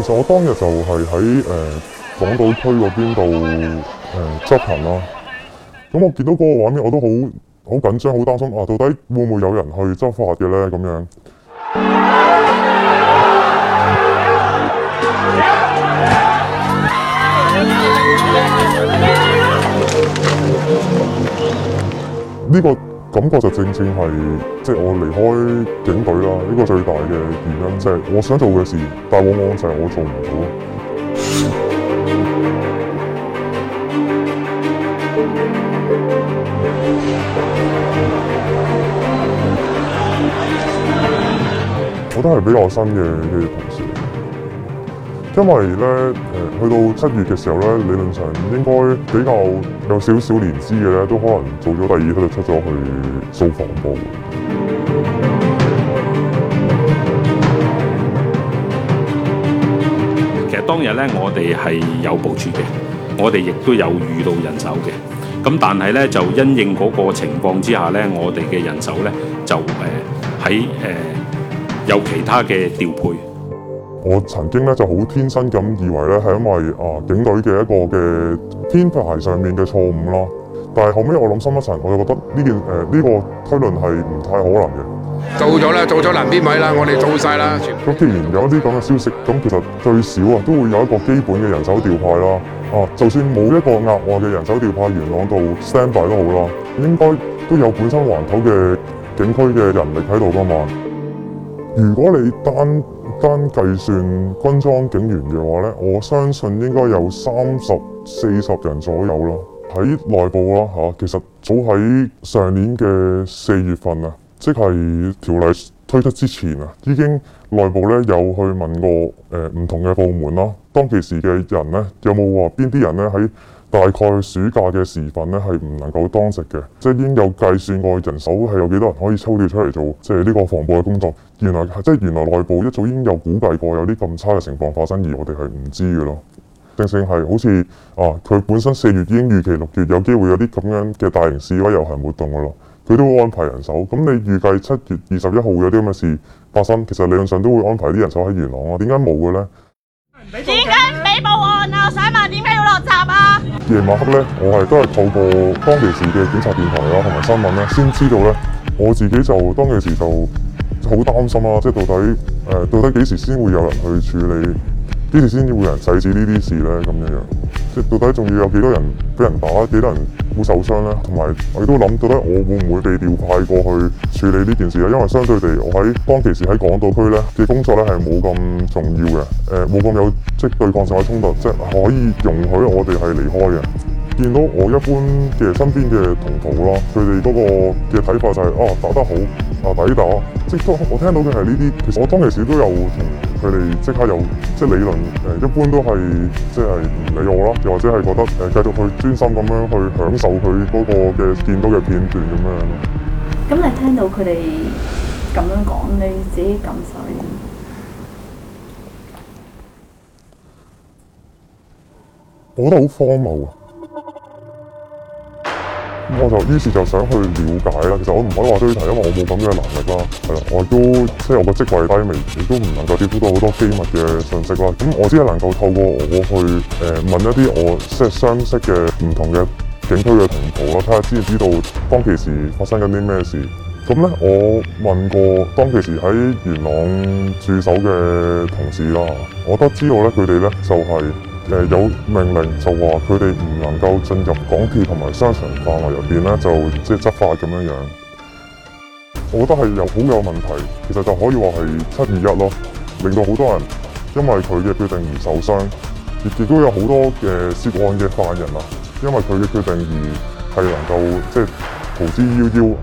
其實我當日就係喺誒港島區嗰邊度誒、呃、執行啦。咁我見到嗰個畫面，我都好好緊張，好擔心啊！到底會唔會有人去執法嘅咧？咁樣呢、呢個。感覺就正正係，即係、我離開警隊啦，呢、呢個最大嘅原因即係、即係、我想做嘅事，但往往就係我做唔到。我都係比較新嘅嘅同事。因為咧，誒去到七月嘅時候咧，理論上應該比較有少少年資嘅咧，都可能做咗第二，佢就出咗去做防暴。其實當日咧，我哋係有部署嘅，我哋亦都有預到人手嘅。咁但係咧，就因應嗰個情況之下咧，我哋嘅人手咧就誒喺誒有其他嘅調配。我曾經咧就好天生咁以為咧，係因為啊警隊嘅一個嘅編排上面嘅錯誤咯，但係後尾我諗深一層，我就覺得呢件誒呢個推論係唔太可能嘅。做咗啦，做咗南邊位啦，我哋做晒啦。咁既然有一啲咁嘅消息，咁其實最少啊都會有一個基本嘅人手調派啦。啊，就算冇一個額外嘅人手調派元朗度 stand by 都好啦，應該都有本身環頭嘅警區嘅人力喺度噶嘛。如果你單單計算軍裝警員嘅話呢，我相信應該有三十四十人左右咯。喺內部啦嚇，其實早喺上年嘅四月份啊，即係條例推出之前啊，已經內部呢有去問過誒唔同嘅部門啦。當其時嘅人呢，有冇話邊啲人呢喺？大概暑假嘅時份咧，係唔能夠當值嘅，即係已經有計算過人手係有幾多人可以抽調出嚟做，即係呢個防暴嘅工作。原來即係原來內部一早已經有估計過有啲咁差嘅情況發生，而我哋係唔知嘅咯。正正係好似啊，佢本身四月已經預期六月有機會有啲咁樣嘅大型示威遊行活動嘅咯，佢都會安排人手。咁你預計七月二十一號有啲咁嘅事發生，其實理論上都會安排啲人手喺元朗啊，點解冇嘅呢？報案啊！我想問點解要落閘啊？夜晚黑咧，我係都係透過當其時嘅警察電台啦，同埋新聞咧，先知道咧。我自己就當其時就好擔心啊，即係到底誒，到底幾時先會有人去處理？幾時先會有人制止這些事呢啲事咧？咁樣樣。到底仲要有幾多人俾人打，幾多人會受傷咧？同埋我亦都諗，到底我會唔會被調派過去處理呢件事咧？因為相對地，我喺當其時喺港島區咧嘅工作咧係冇咁重要嘅，呃冇咁有即係對抗性嘅衝突，即係可以容許我哋係離開嘅。見到我一般嘅身邊嘅同袍啦，佢哋嗰個嘅睇法就係啊，打得好啊，抵打，即係都我聽到嘅係呢啲。其實我當其時都有。佢哋即刻有即係理論，誒一般都係即係唔理我啦，又或者係覺得誒繼續去專心咁樣去享受佢嗰個嘅見到嘅片段咁樣。咁你聽到佢哋咁樣講，你自己感受點？我覺得好荒謬啊！我就於是就想去了解啦。其實我唔可以話追查，因為我冇咁嘅能力啦。我亦都即係我個職位低微，亦都唔能夠接觸到好多機密嘅信息啦。咁我只係能夠透過我去問問一啲我相識嘅唔同嘅警區嘅同袍啦，睇下知唔知道當其時發生緊啲咩事。咁咧，我問過當其時喺元朗駐守嘅同事啦，我都知道他佢哋就係、是。誒、呃，有命令就話佢哋唔能夠進入港鐵同埋商場範圍入邊呢，就即係執法咁樣樣。我覺得係有好有問題，其實就可以話係七二一囉，令到好多人因為佢嘅決，決定而受傷，亦亦都有好多嘅涉案嘅犯人啊，因為佢嘅決定而係能夠即係逃之夭夭。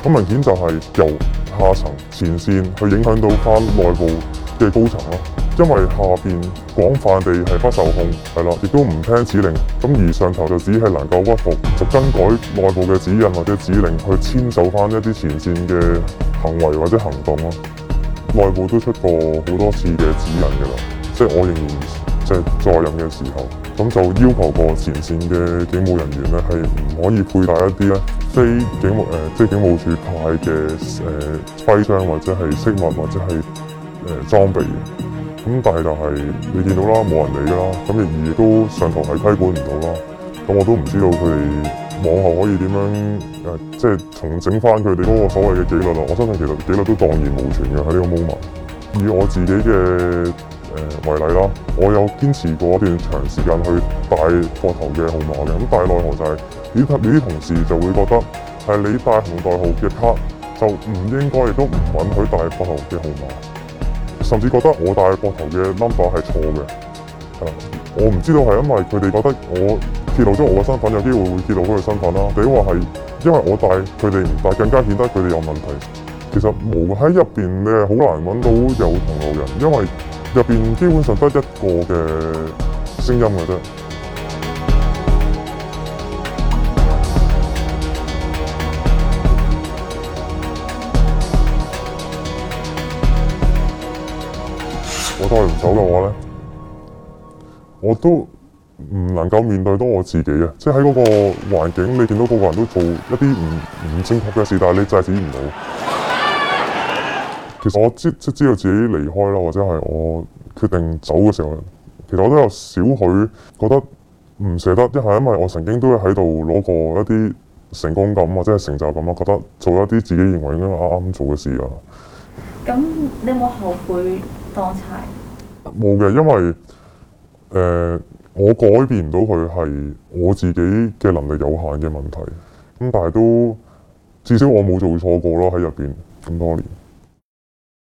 咁明顯就係由下層前線去影響到返內部嘅高層咯、啊，因為下邊廣泛地係不受控，係啦，亦都唔聽指令。咁而上頭就只係能夠屈服，就更改內部嘅指引或者指令，去遷就返一啲前線嘅行為或者行動咯、啊。內部都出過好多次嘅指引噶啦，即係我認為。即、就、係、是、在任嘅時候，咁就要求個前線嘅警務人員咧，係唔可以佩戴一啲咧非警務誒，即、呃、係警務處派嘅誒徽章或者係飾物或者係誒裝備嘅。咁但係就係、是、你見到啦，冇人理㗎啦。咁而都上頭係規管唔到啦。咁我都唔知道佢哋往後可以點樣誒，即、呃、係、就是、重整翻佢哋嗰個所謂嘅紀律喇。我相信其實紀律都蕩然無存嘅喺呢個 moment。以我自己嘅為例啦，我有堅持過一段長時間去帶膊頭嘅號碼嘅。咁但係奈何就係以及啲呢啲同事就會覺得係你帶紅代號嘅卡就唔應該，亦都唔允許帶膊頭嘅號碼，甚至覺得我帶膊頭嘅 number 係錯嘅。我唔知道係因為佢哋覺得我揭露咗我嘅身份，有機會會揭露佢嘅身份啦。或者話係因為我帶佢哋唔帶，更加顯得佢哋有問題。其實冇喺入面呢，好難揾到有同路人，因為。入邊基本上得一個嘅聲音嘅啫。我代唔走嘅我咧，我都唔能夠面對多我自己嘅，即係喺嗰個環境，你見到個個人都做一啲唔唔正確嘅事，但係你制止唔到。其實我知即知道自己離開啦，或者係我決定走嘅時候，其實我都有少許覺得唔捨得。一係因為我曾經都喺度攞過一啲成功感，或者係成就感，我覺得做一啲自己認為應該啱啱做嘅事啊。咁你有冇後悔當差？冇嘅，因為誒、呃、我改變唔到佢係我自己嘅能力有限嘅問題。咁但係都至少我冇做錯過咯，喺入邊咁多年。